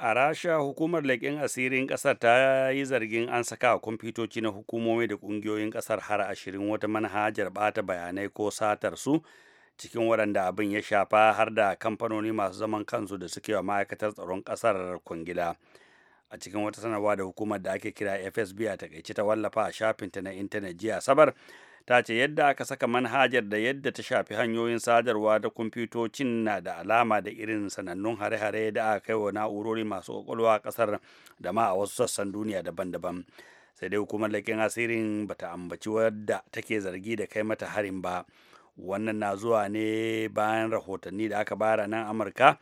a rasha hukumar leƙen asirin ƙasar ta yi zargin an saka a kwamfutoci na hukumomi da ƙungiyoyin ƙasar har ashirin wata manhajar ɓata bayanai ko satar su cikin waɗanda abin ya shafa har da kamfanoni masu zaman kansu da suke wa ma'aikatar tsaron ƙasar kwangila a cikin wata sanarwa da hukumar da ake kira fsb a takaice ta wallafa a shafinta na intanet jiya asabar ta ce yadda aka saka manhajar da yadda ta shafi hanyoyin sadarwa da kwamfutocin na da alama da irin sanannun hare-hare da aka kai wa na'urori masu kwakwalwa a kasar da ma a wasu sassan duniya daban-daban sai dai hukumar laƙin asirin ba ta ambaci wadda take zargi da kai mata harin ba wannan na zuwa ne bayan rahotanni da aka bara nan amurka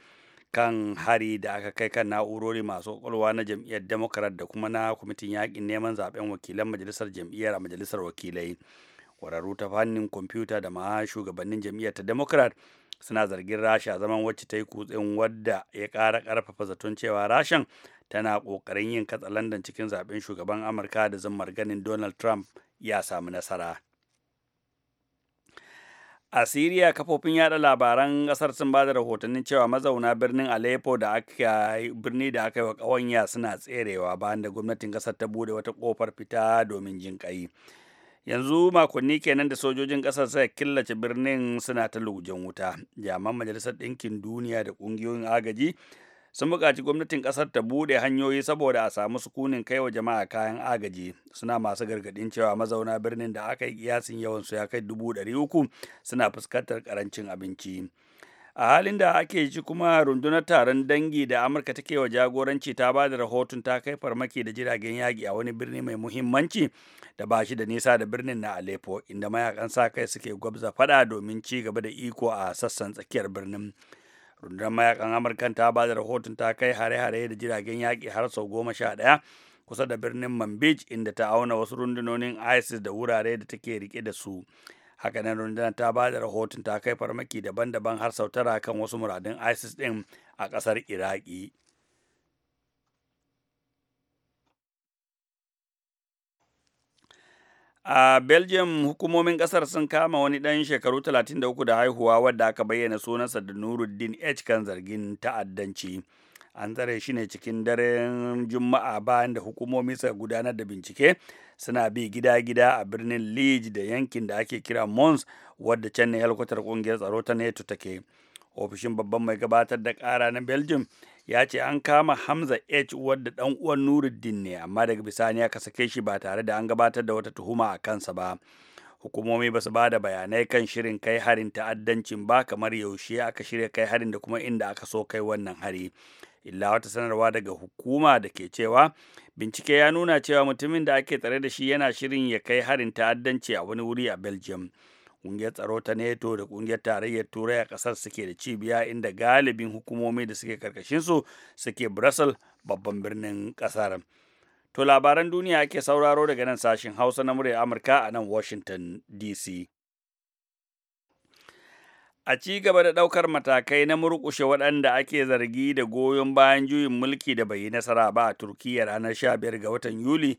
kan hari da aka kai kan na'urori masu kwakwalwa na jam'iyyar democrat da kuma na kwamitin yakin neman zaben wakilan majalisar jam'iyyar a majalisar wakilai kwararru ta fannin kwamfuta da ma shugabannin jam'iyyar ta democrat suna zargin rasha zaman wacce ta yi kutsen wadda ya kara karfafa zaton cewa rashan tana ƙoƙarin yin katsa katsalandan cikin zaben shugaban amurka da zammar ganin donald trump ya samu nasara a siriya kafofin yada labaran kasar sun ba da rahotannin cewa mazauna birnin aleppo da aka birni da aka yi wa ƙawanya suna tserewa bayan da gwamnatin kasar ta bude wata kofar fita domin jin yanzu makonni kenan da sojojin ƙasar suka killace birnin suna ta lugujen wuta jaman majalisar ɗinkin duniya da ƙungiyoyin agaji sun buƙaci gwamnatin ƙasar ta buɗe hanyoyi saboda a samu sukunin kai wa jama'a kayan agaji suna masu gargaɗin cewa mazauna birnin da aka yi kiyasin yawansu ya kai dubu ɗari uku suna fuskantar ƙarancin abinci a halin da ake ji kuma rundunar taron dangi da amurka take wa jagoranci ta ba da rahoton ta kai farmaki da jiragen yaƙi a wani birni mai muhimmanci da ba shi da nisa da birnin na aleppo inda mayakan sa kai suke gwabza fada domin ci gaba da iko a sassan tsakiyar birnin rundunar mayakan amurkan ta ba da rahoton ta kai hare-hare da jiragen yaƙi har sau goma sha ɗaya kusa da birnin manbij inda ta auna wasu rundunonin isis da wurare da take rike da su haka nan rundunar ta ba da rahoton ta kai farmaki daban-daban har sautara kan wasu muradun isis din a kasar iraki a belgium hukumomin kasar sun kama wani ɗan shekaru 33 da haihuwa wadda aka bayyana sunansa da nuruddin h kan zargin ta'addanci an tsare shi ne cikin daren juma'a bayan da hukumomi suka gudanar da bincike suna bi gida-gida a birnin Liege da yankin da ake kira Mons wadda can ne helkwatar kungiyar tsaro ta NATO take. Ofishin babban mai gabatar da kara na Belgium ya ce an kama Hamza H wadda ɗan uwan Nuruddin ne amma daga bisani ya sake shi ba tare da an gabatar da wata tuhuma a kansa ba. Hukumomi ba su ba da bayanai kan shirin kai harin ta'addancin ba kamar yaushe aka shirya kai harin da kuma inda aka so kai wannan hari. illa wata sanarwa daga hukuma da ke cewa bincike ya nuna cewa mutumin da ake tsare da shi yana shirin ya kai harin ta'addanci a wani wuri a belgium ƙungiyar tsaro ta neto da ƙungiyar tarayyar turai a ƙasar suke da cibiya inda galibin hukumomi da suke karkashinsu suke brussels babban birnin ƙasar. to labaran duniya ake sauraro daga nan sashen hausa na murya amurka a nan washington dc a ci gaba da ɗaukar matakai na murƙushe waɗanda ake zargi da goyon bayan juyin mulki da bai yi nasara ba a Turkiyya ranar 15 ga watan Yuli.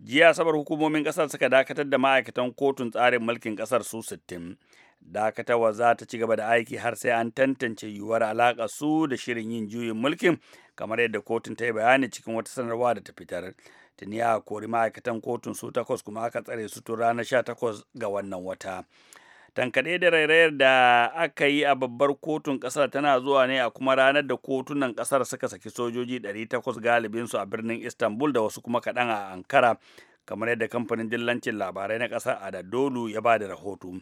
Jiya sabar hukumomin ƙasar suka dakatar da ma'aikatan kotun tsarin mulkin ƙasar su 60. Dakatawa za ta ci gaba da aiki har sai an tantance yiwuwar alaƙa su da shirin yin juyin mulkin kamar yadda kotun ta yi bayani cikin wata sanarwa da ta fitar. Tuni a kori ma'aikatan kotun su takwas kuma aka tsare su tun ranar 18 ga wannan wata. tankaɗe da rairayar da aka yi a babbar kotun ƙasar tana zuwa ne a kuma ranar da kotunan ƙasar suka saki sojoji 800 galibinsu a birnin istanbul da wasu kuma kaɗan a ankara kamar yadda kamfanin dillancin labarai na ƙasar dadolu ya ba da rahoto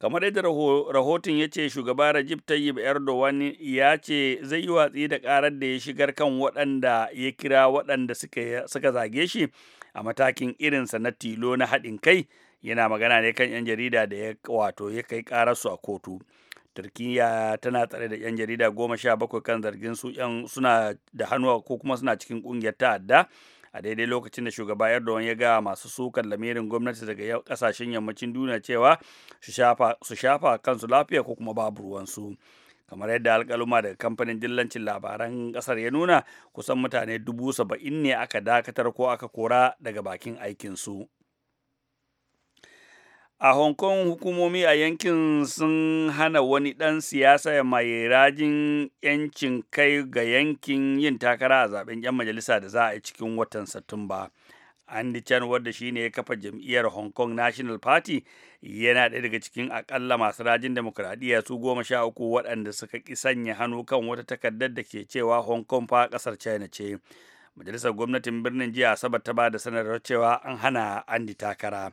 kamar yadda rahoton ya ce shugaba Rajib tayyib Erdogan ya ce zai yi watsi da karar da ya shigar kan waɗanda ya kira waɗanda suka zage shi a matakin irinsa na tilo na haɗin kai yana magana ne kan 'yan jarida da ya wato ya kai kararsu a kotu turkiya tana tsare da 'yan jarida goma sha bakwai kan zargin su 'yan suna da hannu ko kuma suna cikin kungiyar ta'adda a daidai lokacin da shugaba erdogan ya ga masu sukar lamirin gwamnati daga kasashen yammacin duniya cewa su shafa kansu lafiya ko kuma babu ruwansu kamar yadda alkaluma daga kamfanin dillancin labaran kasar ya nuna kusan mutane dubu saba'in ne aka dakatar ko aka kora daga bakin aikinsu A Hong Kong hukumomi a yankin sun hana wani ɗan siyasa mai rajin 'yancin kai ga yankin yin takara a zaben 'yan majalisa da za a yi cikin watan Satumba. Andy Chan wadda shi ya kafa jam'iyyar Hong Kong National Party yana ɗaya daga cikin akalla masu rajin demokradiyya su goma sha uku waɗanda suka ƙi sanya hannu kan wata takardar da ke cewa Hong Kong fa ƙasar China ce. Majalisar gwamnatin birnin jiya Asabar ta ba da sanarwar cewa an hana Andy takara.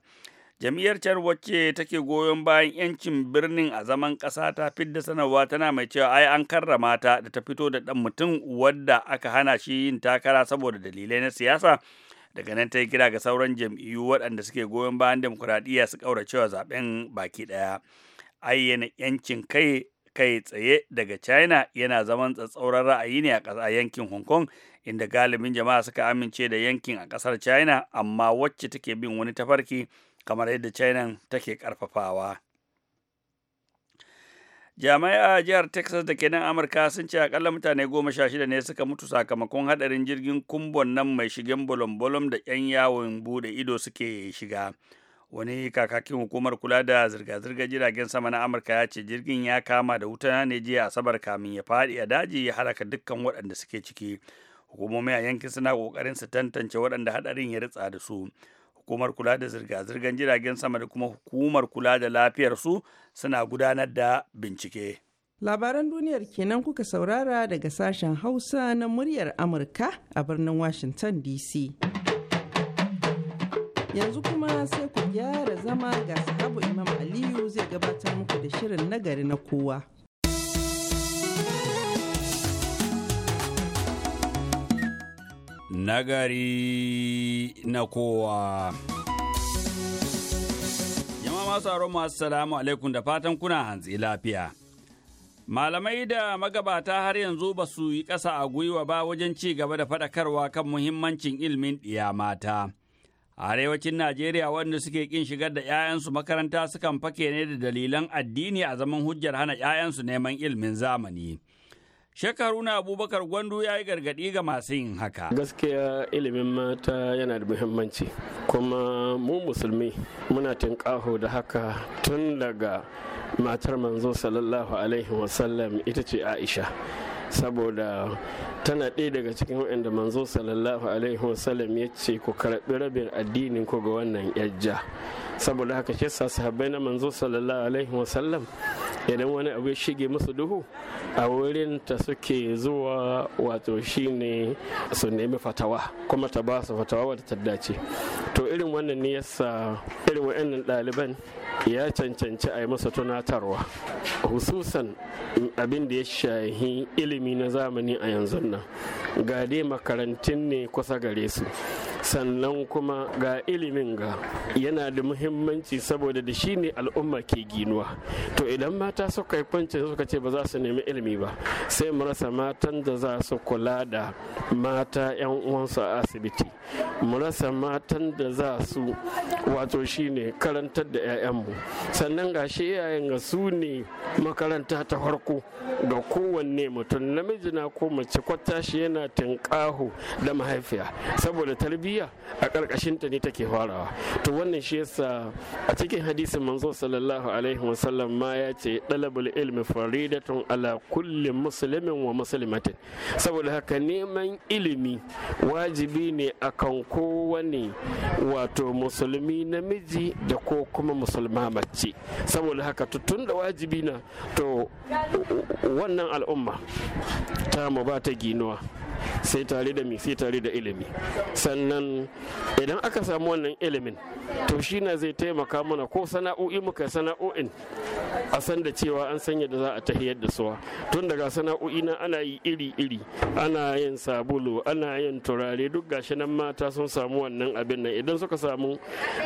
jam'iyyar can wacce take goyon bayan yancin birnin a zaman ƙasa ta fidda sanarwa tana mai cewa ai an karrama ta da ta fito da ɗan mutum wadda aka hana shi yin takara saboda dalilai na siyasa daga nan ta yi kira ga sauran jam'iyyu waɗanda suke goyon bayan demokuraɗiyya su kauracewa zaɓen baki ɗaya ayyana yancin kai kai tsaye daga china yana zaman tsatsauran ra'ayi ne a yankin hong kong inda galibin jama'a suka amince da yankin a ƙasar china amma wacce take bin wani tafarki kamar yadda china take karfafawa jami'ai a jihar texas da ke nan amurka sun ce akalla mutane goma sha shida ne suka mutu sakamakon hadarin jirgin kumbon nan mai shigen bolom-bolom da 'yan yawon bude ido suke shiga wani kakakin hukumar kula da zirga-zirgar jiragen sama na amurka ya ce jirgin ya kama da wuta ne jiya asabar kamin ya faɗi a daji ya halaka dukkan waɗanda suke ciki hukumomi a yankin suna ƙoƙarin su tantance waɗanda hadarin ya ritsa da su hukumar kula da zirga-zirgar jiragen sama da kuma hukumar kula da lafiyarsu suna gudanar da bincike. Labaran duniyar kenan kuka saurara daga sashen Hausa na muryar Amurka a birnin Washington DC. Yanzu kuma sai ku gyara zama ga sahabu Imam Aliyu zai gabatar muku da shirin nagari na kowa. nagari na kowa. Yama masu aron masu salamu alaikum da fatan kuna hanzi lafiya. Malamai da magabata har yanzu ba su yi ƙasa a gwiwa ba wajen ci gaba da faɗakarwa kan muhimmancin ilimin ɗiya mata. A arewacin Najeriya wanda suke ƙin shigar da 'ya'yansu makaranta sukan fake ne da dalilan addini a zaman hujjar hana 'ya'yansu neman ilimin zamani. na Abubakar Gwandu ya yi gargaɗi ga masu yin haka. Gaskiya ilimin mata yana da muhimmanci kuma mu musulmi muna tinƙaho da haka tun daga matar manzo sallallahu alaihi wasallam ita ce Aisha. saboda tana ɗaya daga cikin waɗanda manzo sallallahu alaihi wasallam ya ce ku karɓi rabin addinin ku ga wannan yajja saboda haka shi sahabbai na manzo sallallahu alaihi wasallam idan wani abu ya shige musu duhu a wurin ta suke zuwa wato shine su nemi fatawa kuma ta ba su fatawa wadda ta dace to irin wannan ne yasa irin wa'annan ɗaliban ya cancanci a yi masa tunatarwa hususan abin da ya shahi ilimi na zamani a yanzu nan ga dai makarantun ne kusa gare su sannan kuma ga ilimin ga yana da muhimmanci saboda da shi ne al'umma ke ginuwa to idan mata suka yi kwanci suka ce ba za su nemi ilimi ba sai mu rasa matan da za su kula da mata 'yan uwansu a asibiti mu rasa matan da za su wato shi ne karantar da 'ya'yanmu sannan ga shi iyayen ga su ne makaranta ta farko ga kowanne mutum namiji na ko mace kwata shi yana tinkahu da mahaifiya saboda tarbiyya tarbiyya a ƙarƙashin ta ne take farawa to wannan shi yasa a cikin hadisin manzo sallallahu alaihi wasallam ma ya ce dalabul ilmi faridatun ala kulli muslimin wa muslimatin saboda haka neman ilimi wajibi ne akan kowane wato musulmi namiji da ko kuma musulma mace saboda haka tun da wajibi na to wannan al'umma ta mu ba ta ginuwa sai tare da mi sai tare da ilimi sannan idan aka samu wannan ilimin to shi na zai taimaka mana ko sana'o'i muka sana'o'in a san da cewa an sanya da za a tahiyar da suwa tun daga sana'o'i na ana yi iri-iri ana yin sabulu ana yin turare duk gashi nan mata sun samu wannan abin nan idan suka samu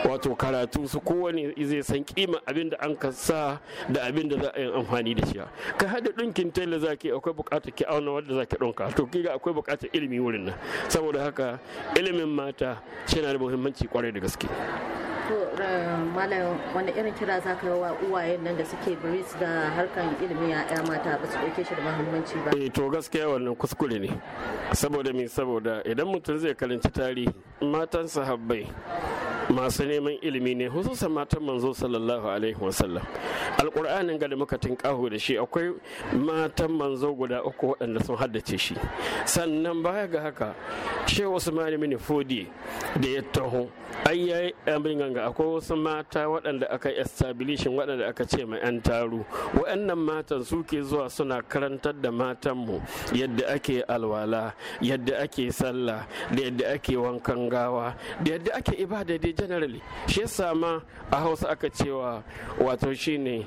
wato karatu su kowane zai san kima abin da an sa da abin da za a yi amfani da shi ka hada dinkin tela zaki akwai bukatar ki auna wanda zaki dinka to kiga akwai bukatar ilimi wurin nan saboda haka ilimin ma kamata yana da muhimmanci kwarai da gaske malam wanda irin kira za ka wa uwayen nan da suke biris da harkan ilimi ya ya mata ba su ɗauke shi da mahimmanci ba. Eh to gaskiya wannan kuskure ne. Saboda me saboda idan mutum zai karanci tarihi matan sahabbai masu neman ilimi ne hususan matan manzo sallallahu alaihi wasallam alƙur'anin ga da muka tinkaho da shi akwai matan manzo guda uku waɗanda sun haddace shi sannan baya ga haka shi wasu malami fodi da ya taho an yi abin ganga akwai wasu mata waɗanda aka establishin waɗanda aka ce mai 'yan taru waɗannan matan suke zuwa suna karantar da matanmu yadda ake alwala yadda ake sallah da yadda ake wankan gawa da yadda ake ibada dai generally shi yasa ma a hausa aka cewa wato shine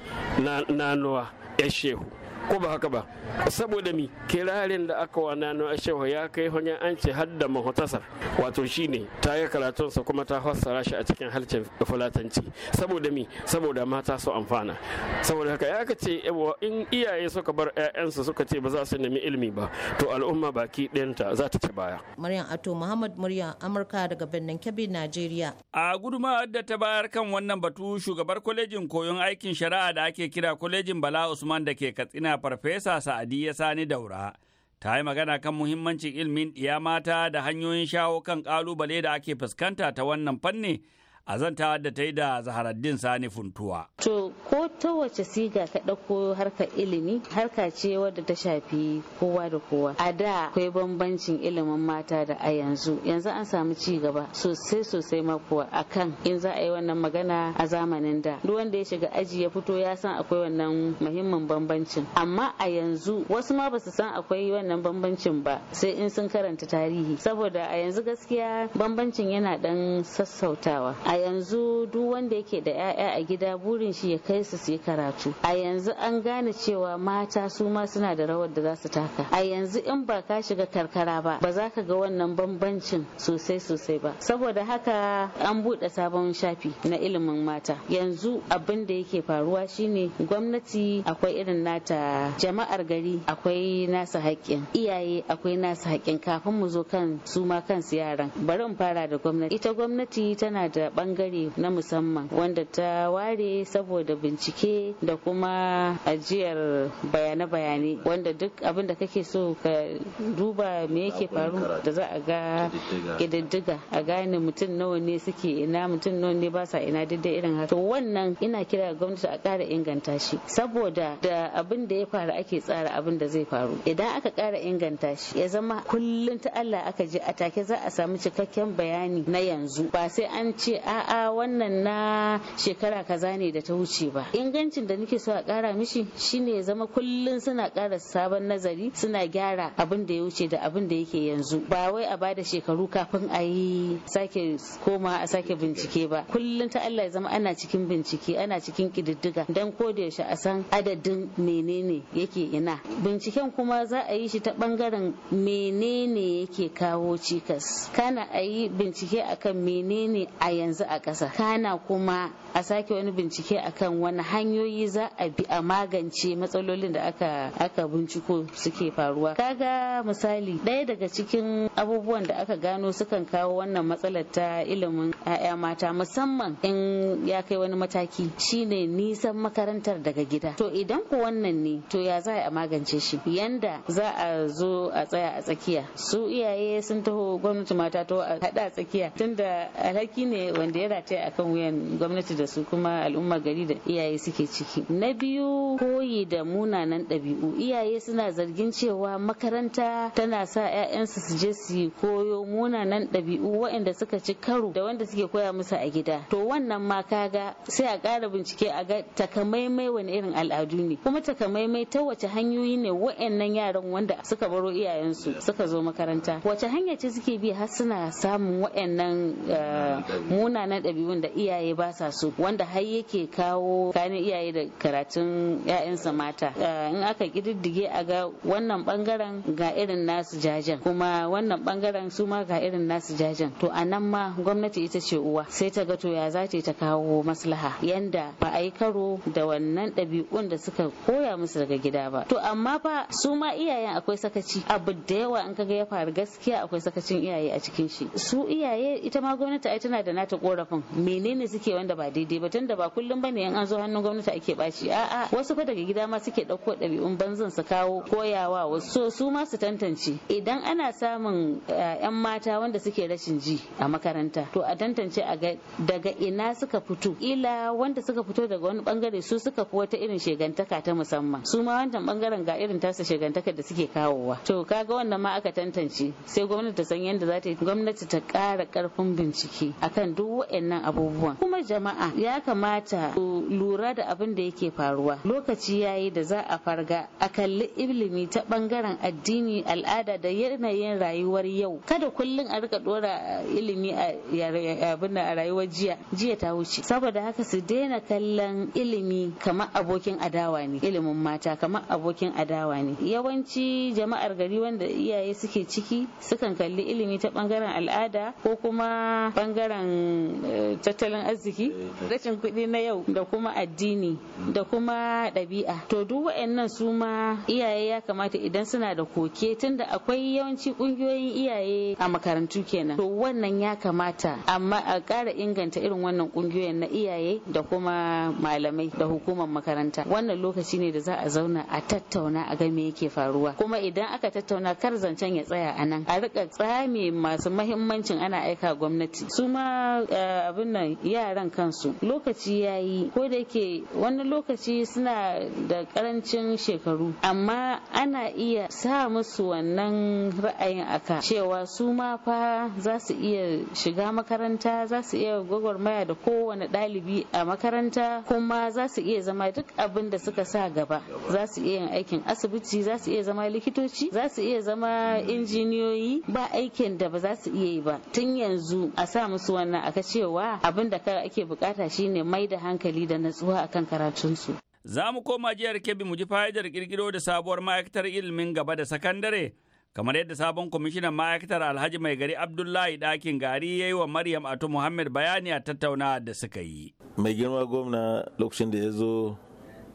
nanuwa ya shehu ko ba haka ba saboda mi kirarin da aka wa nano ashewa ya kai hanya an ce hadda mahotasar wato shine ta yi karatunsa kuma ta fassara shi a cikin halcin fulatanci saboda mi saboda mata su amfana saboda haka ya ka ce in iyaye suka bar 'ya'yansu suka ce ba za su nemi ilimi ba to al'umma baki ɗinta za ta ci baya maryam ato muhammad murya amurka daga birnin kebbi najeriya a guduma da ta bayar kan wannan batu shugabar kwalejin koyon aikin shari'a da ake kira kwalejin bala usman da ke katsina Najeriya Farfesa Sa'adiyya Sani Daura ta yi magana kan muhimmancin ilimin ɗiya mata da hanyoyin shawo kan ƙalubale da ake fuskanta ta wannan fanni a zanta da ta yi da zaharaddin sani funtuwa. To ko ta wace siga ka ɗauko harkar ilimi harka ce wadda ta shafi kowa da kowa. A da akwai bambancin ilimin mata da a yanzu yanzu an samu ci gaba sosai sosai makuwa a kan in za a yi wannan magana a zamanin da duk wanda ya shiga aji ya fito ya san akwai wannan muhimmin bambancin amma a yanzu wasu ma basu san akwai wannan bambancin ba sai in sun karanta tarihi saboda a yanzu gaskiya bambancin yana ɗan sassautawa a a yanzu duk wanda yake da 'ya'ya a gida burin shi ya kai su yi karatu a yanzu an gane cewa mata su ma suna da rawar da za su taka a yanzu in ba ka shiga karkara ba ba za ka ga wannan bambancin sosai sosai ba saboda haka an buɗe sabon shafi na ilimin mata yanzu abin da yake faruwa shine gwamnati akwai irin nata jama'ar gari akwai nasa haƙƙin iyaye akwai nasa haƙƙin kafin mu zo kan su ma kansu yaran bari in fara da gwamnati ita gwamnati tana da bangare na musamman wanda ta ware saboda bincike da kuma ajiyar bayane-bayane wanda duk abin da kake so ka duba me yake faru da za a ga ƙididdiga a gane mutum nawa ne suke ina mutum nawa ne ba sa ina daidai irin haka to wannan ina kira gwamnati a kara inganta shi saboda da abin da ya faru ake tsara abin da zai faru idan aka kara inganta shi ya zama kullum ta Allah aka je a take za a samu cikakken bayani na yanzu ba sai an ce a a'a wannan na shekara kaza ne da ta wuce ba ingancin da nake so a kara mishi shine zama kullun suna kara sabon nazari suna gyara abin da ya wuce da abin da yake yanzu ba wai a bada shekaru kafin a yi sake koma a sake bincike ba kullun ta Allah ya zama ana cikin bincike ana cikin kididdiga dan ko da yaushe a san adadin menene yake ina binciken kuma za a yi shi ta bangaren menene yake kawo cikas kana a yi bincike akan menene a yanzu su a ƙasa kana kuma a sake wani bincike akan wani hanyoyi za a bi a magance matsalolin da aka aka binciko suke faruwa kaga misali ɗaya daga cikin abubuwan da aka gano sukan kawo wannan matsalar ta ilimin 'ya'ya mata musamman in ya kai wani mataki shine nisan makarantar daga gida to idan ku wannan ne to ya za a magance shi yanda za a zo a tsaya a tsakiya su iyaye sun taho gwamnati mata to a haɗa tsakiya tunda alhaki ne wanda da ya rataya akan wuyan gwamnati da su kuma al'ummar gari da iyaye suke ciki na biyu koyi da munanan ɗabi'u iyaye suna zargin cewa makaranta tana sa 'ya'yansu su je su koyo munanan ɗabi'u waɗanda suka ci karo da wanda suke koya musu a gida to wannan ma kaga sai a ƙara bincike a ga takamaimai wani irin al'adu ne kuma takamaimai ta wace hanyoyi ne waɗannan yaran wanda suka baro iyayensu suka zo makaranta wace hanya ce suke bi har suna samun waɗannan eh, muna. na ɗabi'un da iyaye ba sa so wanda har yake kawo kanin iyaye da karatun 'ya'yansa mata eh, in aka kididdige a ga wannan bangaren ga irin nasu jajen kuma wannan bangaren su ma ga irin nasu jajen to a nan ma gwamnati ita ce uwa sai ta ga to ya za ta kawo maslaha yanda ba a yi karo da wannan ɗabi'un da suka koya musu daga gida ba to amma fa su ma iyayen akwai sakaci abu da yawa in kaga ya faru gaskiya akwai sakacin iyaye a cikin shi su iyaye ita ma gwamnati ai tana da nata korafin menene suke wanda ba daidai ba tunda ba kullum bane in an zo hannun gwamnati ake bashi a'a wasu fa daga gida ma suke dauko ɗabi'un banzan su kawo koyawa wasu su ma su tantance idan ana samun yan eh, mata wanda suke rashin ji a makaranta to a tantance a ga daga ina suka fito ila wanda suka fito daga wani bangare su suka fi wata irin shegantaka ta musamman su ma wannan bangaren ga irin tasa shegantaka da suke kawowa to kaga wannan ma aka tantance sai gwamnati ta san yadda za ta yi gwamnati ta kara karfin bincike akan duk wa'annan abubuwan kuma jama'a ya kamata su lura da abin da yake faruwa lokaci yayi da za a farga a kalli ilimi ta bangaren addini al'ada da yanayin rayuwar yau kada kullum a rika dora eh, ilimi a rayuwar jiya jiya ta wuce saboda haka su daina kallon ilimi kamar abokin adawa ne ilimin mata kamar abokin adawa ne yawanci jama'ar gari wanda iyaye suke ciki sukan kalli ilimi ta bangaren al'ada ko kuma bangaren Eh, tattalin arziki rashin kuɗi na yau da kuma addini da kuma ɗabi'a to duk wa'annan su ma iyaye ya kamata idan suna da koke tunda akwai yawanci ƙungiyoyin iyaye a makarantu kenan to wannan ya kamata amma a ƙara inganta irin wannan ƙungiyoyin na iyaye da kuma malamai da hukumar makaranta wannan lokaci ne da za a zauna a tattauna a ga me yake faruwa kuma idan aka tattauna kar zancen ya tsaya a nan a rika tsame masu mahimmancin ana aika gwamnati su ma abin nan yaran kansu lokaci ya yi ko da ke wani lokaci suna da karancin shekaru amma ana iya sa musu wannan ra'ayin aka cewa su ma fa za su iya shiga makaranta za su iya gwagwarmaya da kowane ɗalibi a makaranta kuma za su iya zama duk abin da suka sa gaba za su iya yin aikin asibiti za su iya zama likitoci za su iya zama injiniyoyi ba aikin da ba za su iya yi ba tun yanzu a sa musu wannan aka. cewa abin da ake bukata shine mai da hankali da natsuwa akan karatunsu. Za mu koma jihar Kebbi mu ji fa'idar kirkiro da sabuwar ma'aikatar ilimin gaba da sakandare kamar yadda sabon kwamishinan ma'aikatar alhaji mai gari abdullahi dakin gari ya yi wa maryam atu muhammad bayani a tattauna da suka yi mai girma gwamna lokacin da ya zo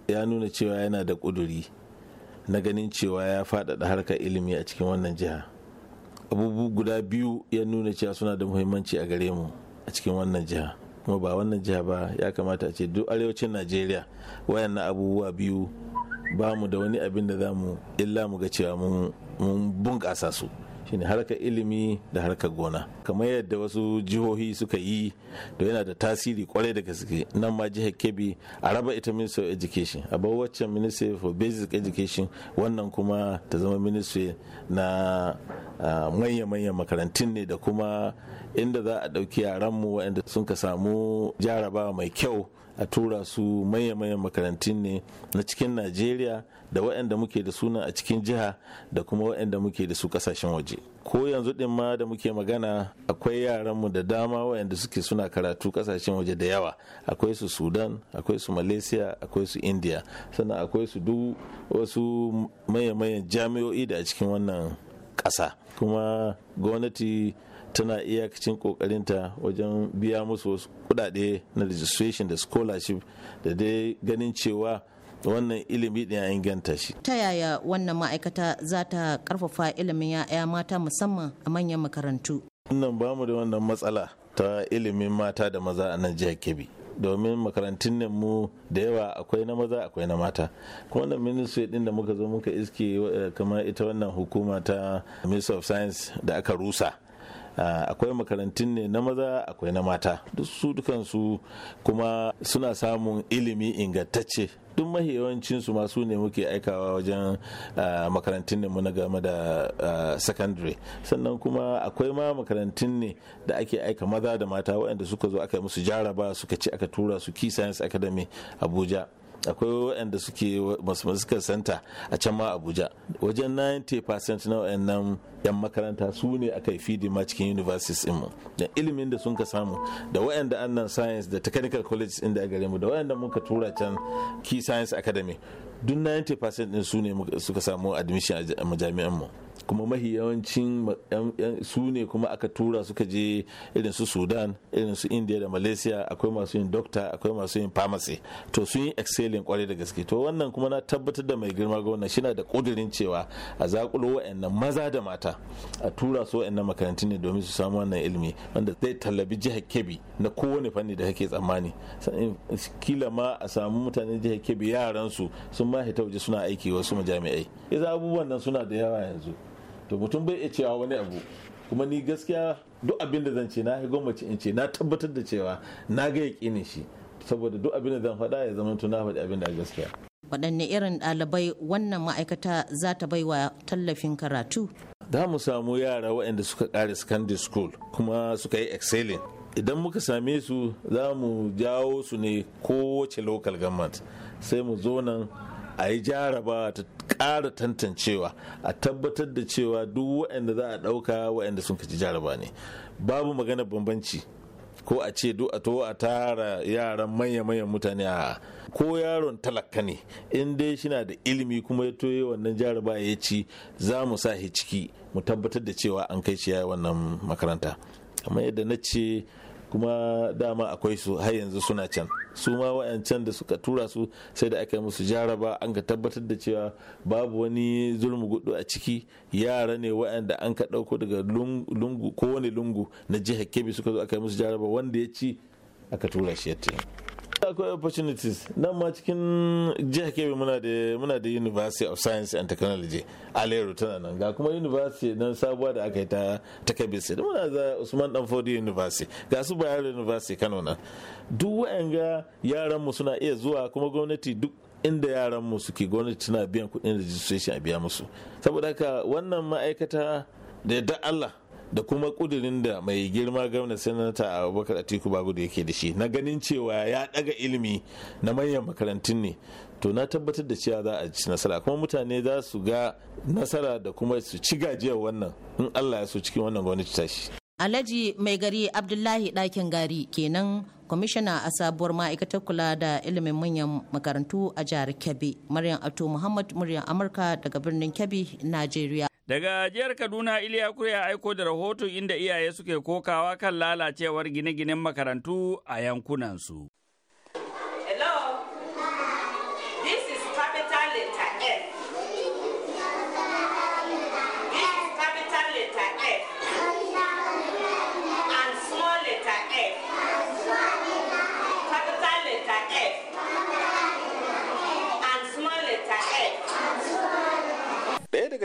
ya nuna cewa yana da kuduri na ganin cewa ya faɗaɗa harkar ilimi a cikin wannan jiha abubuwa guda biyu ya nuna cewa suna da muhimmanci a gare mu a cikin wannan jiha kuma ba wannan jiha ba ya kamata a ce duk arewacin najeriya wayan na abubuwa biyu ba mu da wani abin da za mu illa mu ga cewa mun bunƙasa su shine harkar ilimi da harkar gona kamar yadda wasu jihohi suka yi to yana da tasiri kwarai da gaske nan ma jihar kebbi a raba ita ministry of education a bar waccan ministry for basic education wannan kuma ta zama ministry na manya-manyan makarantun ne da kuma inda za a ɗauki yaranmu waɗanda sun ka samu jarabawa mai kyau a tura su manya manyan makarantun ne na cikin najeriya da waɗanda muke da suna a cikin jiha da kuma waɗanda muke da su ƙasashen waje ko yanzu ɗin ma da muke magana akwai yaranmu da dama waɗanda suke suna karatu ƙasashen waje da yawa akwai su sudan akwai su malaysia akwai su india sannan akwai su duk wasu manya-manyan jami'o'i da a cikin wannan ƙasa kuma gwamnati tana iyakacin kokarinta wajen biya musu wasu kudade na registration da scholarship da dai ganin cewa wannan ilimi ɗin ya inganta shi. Ta yaya wannan ma'aikata za ta karfafa ilimin ya'ya mata musamman a manyan makarantu? Wannan ba mu da wannan matsala ta ilimin mata da maza a nan jihar Kebbi. domin makarantun nan mu da yawa akwai na maza akwai na mata kuma wannan ministry din da muka zo muka iske eh, kamar ita wannan hukuma ta ministry of science da aka rusa Ah, akwai makarantun ne na maza akwai na mata su dukansu kuma suna samun ilimi ingantacce duk mahi yawancinsu masu ne muke aikawa wajen ah, makarantun ne mu na game da ah, secondary sannan kuma akwai ma makarantun ne da ake aika maza da mata waɗanda suka zo aka yi musu jaraba suka ci aka tura su key science academy abuja akwai waɗanda suke masu santa a can ma abuja wajen 90% na waɗannan yan makaranta su ne aka yi fidi ma cikin universities mu da ilimin da sun ka samu da waɗanda annan science da technical college inda da gare mu da waɗanda muka tura can key science academy duk 90% din su ne suka samu admission a majami'an mu kuma mahi yawancin su ne kuma aka tura suka je irin su sudan irin su india da malaysia akwai masu yin doctor akwai masu yin pharmacy to sun yi excelling kwarai da gaske to wannan kuma na tabbatar da mai girma gwamna wannan shina da kudirin cewa a zakulo wa'annan maza da mata a tura su wa'annan makarantun ne domin su samu wannan ilimi wanda zai tallabi jihar kebbi na kowane fanni da kake tsammani kila ma a samu mutanen jihar kebbi yaran su sun ma hita waje suna aiki wasu majami'ai yasa abubuwan nan suna da yawa yanzu to mutum bai iya cewa wani abu kuma ni gaskiya duk abin da zan ce na gwamnati in ce na tabbatar da cewa na ga yaƙinin shi saboda duk abin da zan faɗa ya zama tuna faɗi abin da gaskiya waɗanne irin ɗalibai wannan ma'aikata za ta baiwa tallafin karatu za mu samu yara waɗanda suka ƙare secondary school kuma suka yi excelling idan muka same su za mu jawo su ne kowace local government sai mu zo nan a yi jarabawa ta ƙara tantancewa a tabbatar da cewa duk waɗanda za a ɗauka waɗanda sun kaci jaraba ne babu magana bambanci ko a ce duk a to a tara yaran manya manya mutane a ko yaron talaka ne in dai na da ilimi kuma ya toye wannan jaraba ya ci za mu sa shi ciki mu tabbatar da cewa an kai shi ya wannan makaranta kamar yadda na ce kuma dama akwai su har yanzu suna can su ma wayancan da suka tura su sai da aka yi musu jaraba an ka tabbatar da cewa babu wani zulmu gudu a ciki yara ne wayanda an ka dauko daga lungu kowane lungu na jihar kebbi suka zo aka yi musu jaraba wanda ya ci aka tura shi ya akwai opportunities nan ma cikin jihar kebe muna da muna da university of science and technology lero tana nan ga kuma university nan sabuwa da aka yi ta ta kebe state muna za usman fodi university ga su bayero university kano nan duk wa'anga yaran mu suna iya zuwa kuma gwamnati duk inda yaran mu suke gwamnati tana biyan kuɗin registration a biya musu saboda haka wannan ma'aikata da yadda Allah da kuma kudirin da mai girma gwamna sanata abubakar atiku bagudu yake da shi na ganin cewa ya daga ilimi na manyan makarantun ne to na tabbatar da cewa za a ci nasara kuma mutane za su ga nasara da kuma su ci gajiyar wannan in allah ya so cikin wannan gwamnati tashi alhaji mai gari abdullahi ɗakin gari kenan kwamishina a sabuwar ma'aikatar kula da ilimin manyan makarantu a jihar kebbi maryam ato muhammad muryar amurka daga birnin kebbi najeriya Daga jihar Kaduna Iliya ya aiko da rahoton inda iyaye suke kokawa kan lalacewar gine-ginen makarantu a yankunansu.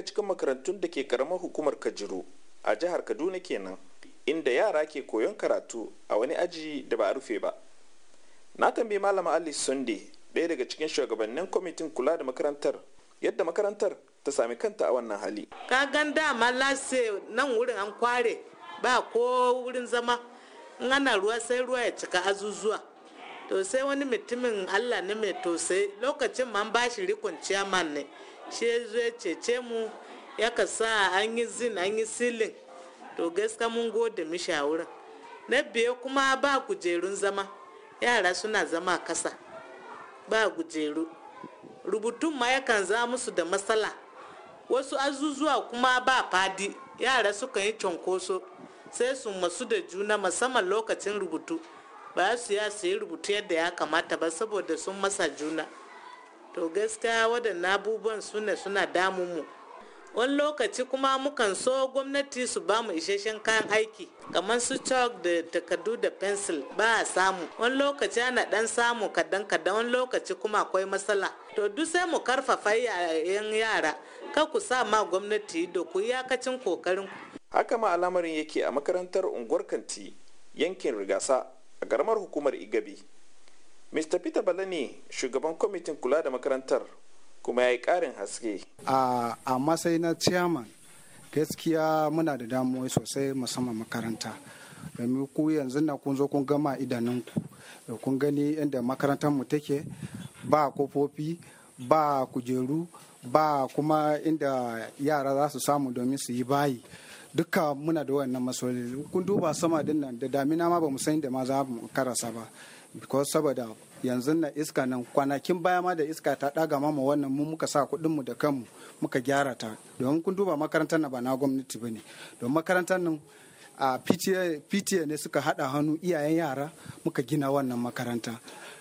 cikin makarantun da ke karamar hukumar Kajuru a jihar Kaduna kenan inda yara ke koyon karatu a wani aji da ba a rufe ba. Na tambayi Malama Ali Sunday daya daga cikin shugabannin kwamitin kula da makarantar yadda makarantar ta sami kanta a wannan hali. Ka gan dama lase nan wurin an kware ba ko wurin zama in ana ruwa sai ruwa ya cika azuzuwa. To sai wani mutumin Allah ne mai tosai lokacin man bashi rikon ciyaman ne. shi zai cece mu ya ka sa an yi zin an yi silin to gaska mun gode mishi a wurin na biye kuma ba kujerun zama yara suna zama kasa ba kujeru rubutun ma yakan za musu da matsala wasu azuzuwa kuma ba fadi yara suka yi cunkoso sai su masu da juna musamman lokacin rubutu ba su ya su yi rubutu yadda ya kamata ba saboda sun masa juna to gaskiya waɗannan abubuwan suna suna damun mu wani lokaci kuma mukan so gwamnati su ba mu isasshen kayan aiki kamar su chalk da takardu da pencil ba a samu wani lokaci ana dan samu kadan kadan wani lokaci kuma akwai matsala to duk sai mu karfafa yayan yara ka ku sa ma gwamnati da ku yakacin kokarin haka ma al'amarin yake a makarantar unguwar kanti yankin rigasa a garamar hukumar igabi mr peter balani shugaban kwamitin kula da makarantar kuma ya yi karin haske a matsayi na chairman gaskiya muna da damuwa sosai musamman makaranta domin ku yanzu na kun zo kun gama idanun ku kun gani inda makarantar mu take ba kofofi ba kujeru ba kuma inda yara za su samu domin su yi bayi duka muna da wannan masoli kun duba sama din da damina ma ba mu san da ma za mu karasa ba because saboda yanzu na iska nan kwanakin baya ma da iska ta daga mama wannan mu muka sa kuɗin mu da kanmu muka gyara ta don kun duba makarantar na ba na gwamnati bane don makarantar nan a PTA ne suka hada hannu iyayen yara muka gina wannan makaranta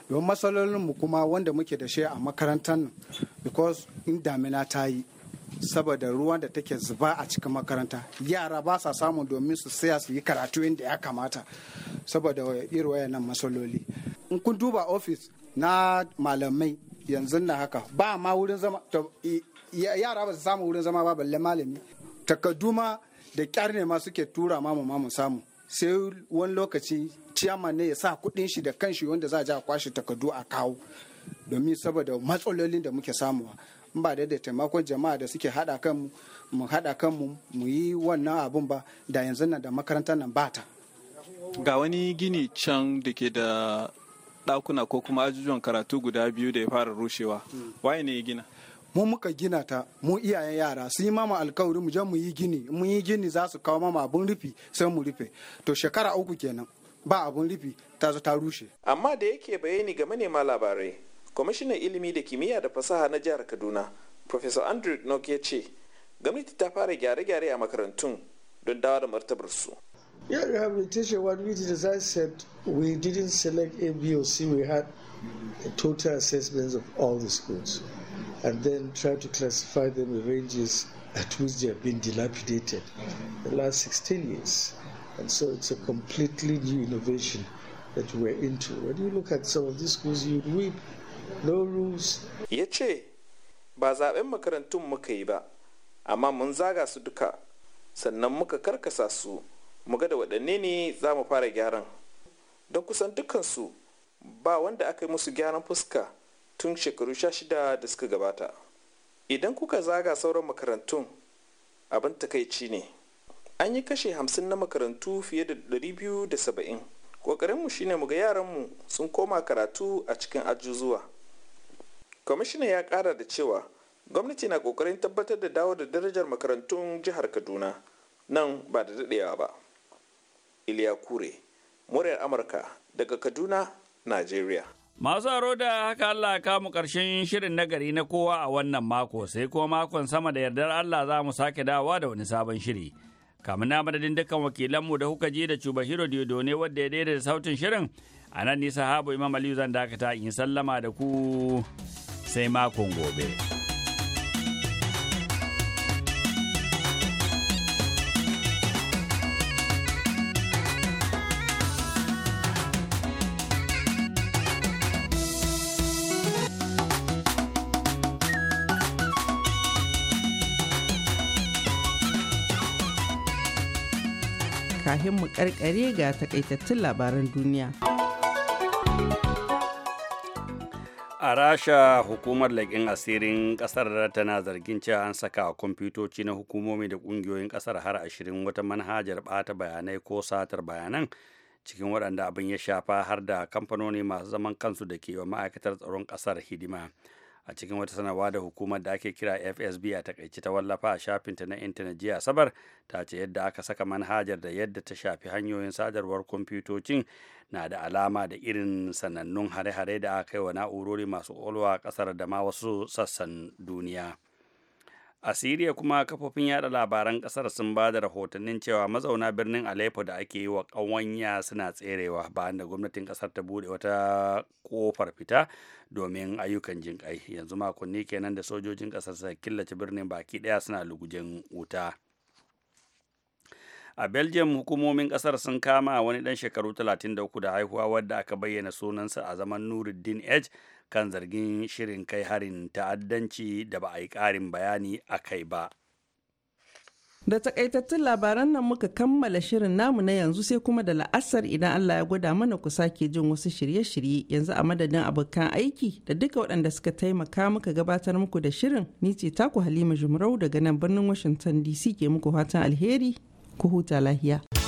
don matsalolinmu kuma wanda muke da shi a makarantar nan because in damina ta yi saboda ruwan da take zuba a cikin makaranta yara ba sa samu domin su saya su yi karatu inda ya kamata saboda irin nan masaloli. in kun duba ofis na malamai yanzu na haka ba ma wurin zama yara ba su samu wurin zama ba balle malami takardu da kyar ne ma suke tura mamu mamu samu sai wani lokaci ciyama ne ya sa kudin shi da kanshi wanda za a ja kwashe takadu a kawo domin saboda matsalolin da muke samuwa in ba da taimakon jama'a da suke haɗa kan mu hada kan mu mu yi wannan abun ba da yanzu nan da makarantar nan ba ga wani gini can da ke da ɗakuna ko kuma ajujuwan karatu guda biyu da ya fara rushewa waye ne ya gina mu muka gina ta mu iyayen yara su yi mama alkawari mu je mu yi gini mu yi gini za su kawo mama abun rufi sai mu rufe to shekara uku kenan ba abun rufi ta zo ta rushe amma da yake bayani ga manema labarai kwamishinan ilimi da kimiyya da fasaha na jihar kaduna professor andrew nok ya ce gwamnati ta fara gyare-gyare a makarantun don dawo da martabarsu Yeah, rehabilitation what we did as I said we didn't select a BOC we had a total assessments of all the schools and then try to classify them in ranges at which they have been dilapidated the last 16 years and so it's a completely new innovation that we're into when you look at some of these schools you'd weep no rules ya ce ba zaɓen makarantun muka yi ba amma mun zaga su duka sannan muka karkasa su muga da waɗanne ne za mu fara gyaran don kusan dukansu ba wanda aka yi musu gyaran fuska tun shekaru sha shida da suka gabata idan kuka zaga sauran makarantun abin takaici ne an yi kashe hamsin na makarantu fiye da biyu da ɗari saba'in. ƙoƙarinmu shine mu ga yaranmu sun koma karatu a cikin ajuzuwa kwamishinan ya kara da cewa gwamnati na kokarin tabbatar da dawo da darajar makarantun jihar kaduna nan ba da daɗewa ba iliya kure muryar amurka daga kaduna nigeria Masu aro da haka Allah kamu karshen shirin nagari na kowa a wannan mako sai kuma makon sama da yardar Allah za mu sake dawa da wani sabon shiri. Kamun na madadin dukkan wakilanmu da kuka ji da Cuba shiro Diodo ne wadda ya daidaita sautin shirin a nan nisa habu Imam Aliyu zan dakata in sallama da ku sai makon gobe. kahin mu karkare ga takaitattun labaran duniya. a rasha hukumar laƙin asirin ƙasar tana zargin cewa an saka kwamfutoci na hukumomi da ƙungiyoyin ƙasar har ashirin wata manhajar ɓata bayanai ko satar bayanan cikin waɗanda abin ya shafa har da kamfanoni masu zaman kansu da ke wa ma'aikatar tsaron ƙasar hidima a cikin wata sanarwa da hukumar da ake kira fsb a takaici ta wallafa a shafin ta na intanet jiya sabar ta ce yadda aka saka manhajar da yadda ta shafi hanyoyin sadarwar kwamfutocin na da alama da irin sanannun hare-hare da aka yi wa na'urori masu ƙwaƙwalwa ƙasar da ma wasu sassan duniya. a siriya kuma kafofin yada labaran kasar sun ba da rahotannin cewa mazauna birnin aleppo da ake yi wa ƙawanya suna tserewa bayan da gwamnatin kasar ta bude wata kofar fita domin ayyukan jinƙai yanzu makonni kenan da sojojin kasar sa killace birnin baki ɗaya suna lugujen wuta a belgium hukumomin kasar sun kama wani dan shekaru 33 da haihuwa wadda aka bayyana sunansa a zaman nuruddin edge kan zargin shirin kai harin ta'addanci da ba a yi ƙarin bayani a kai ba. Da takaitattun labaran nan muka kammala shirin namu na yanzu sai kuma da la'asar idan Allah ya gwada mana ku sake jin wasu shirye-shirye yanzu a madadin abokan aiki da duka waɗanda suka taimaka muka gabatar muku da shirin ni ce taku Halima Jumrau daga nan birnin Washington DC ke muku fatan alheri ku huta lahiya.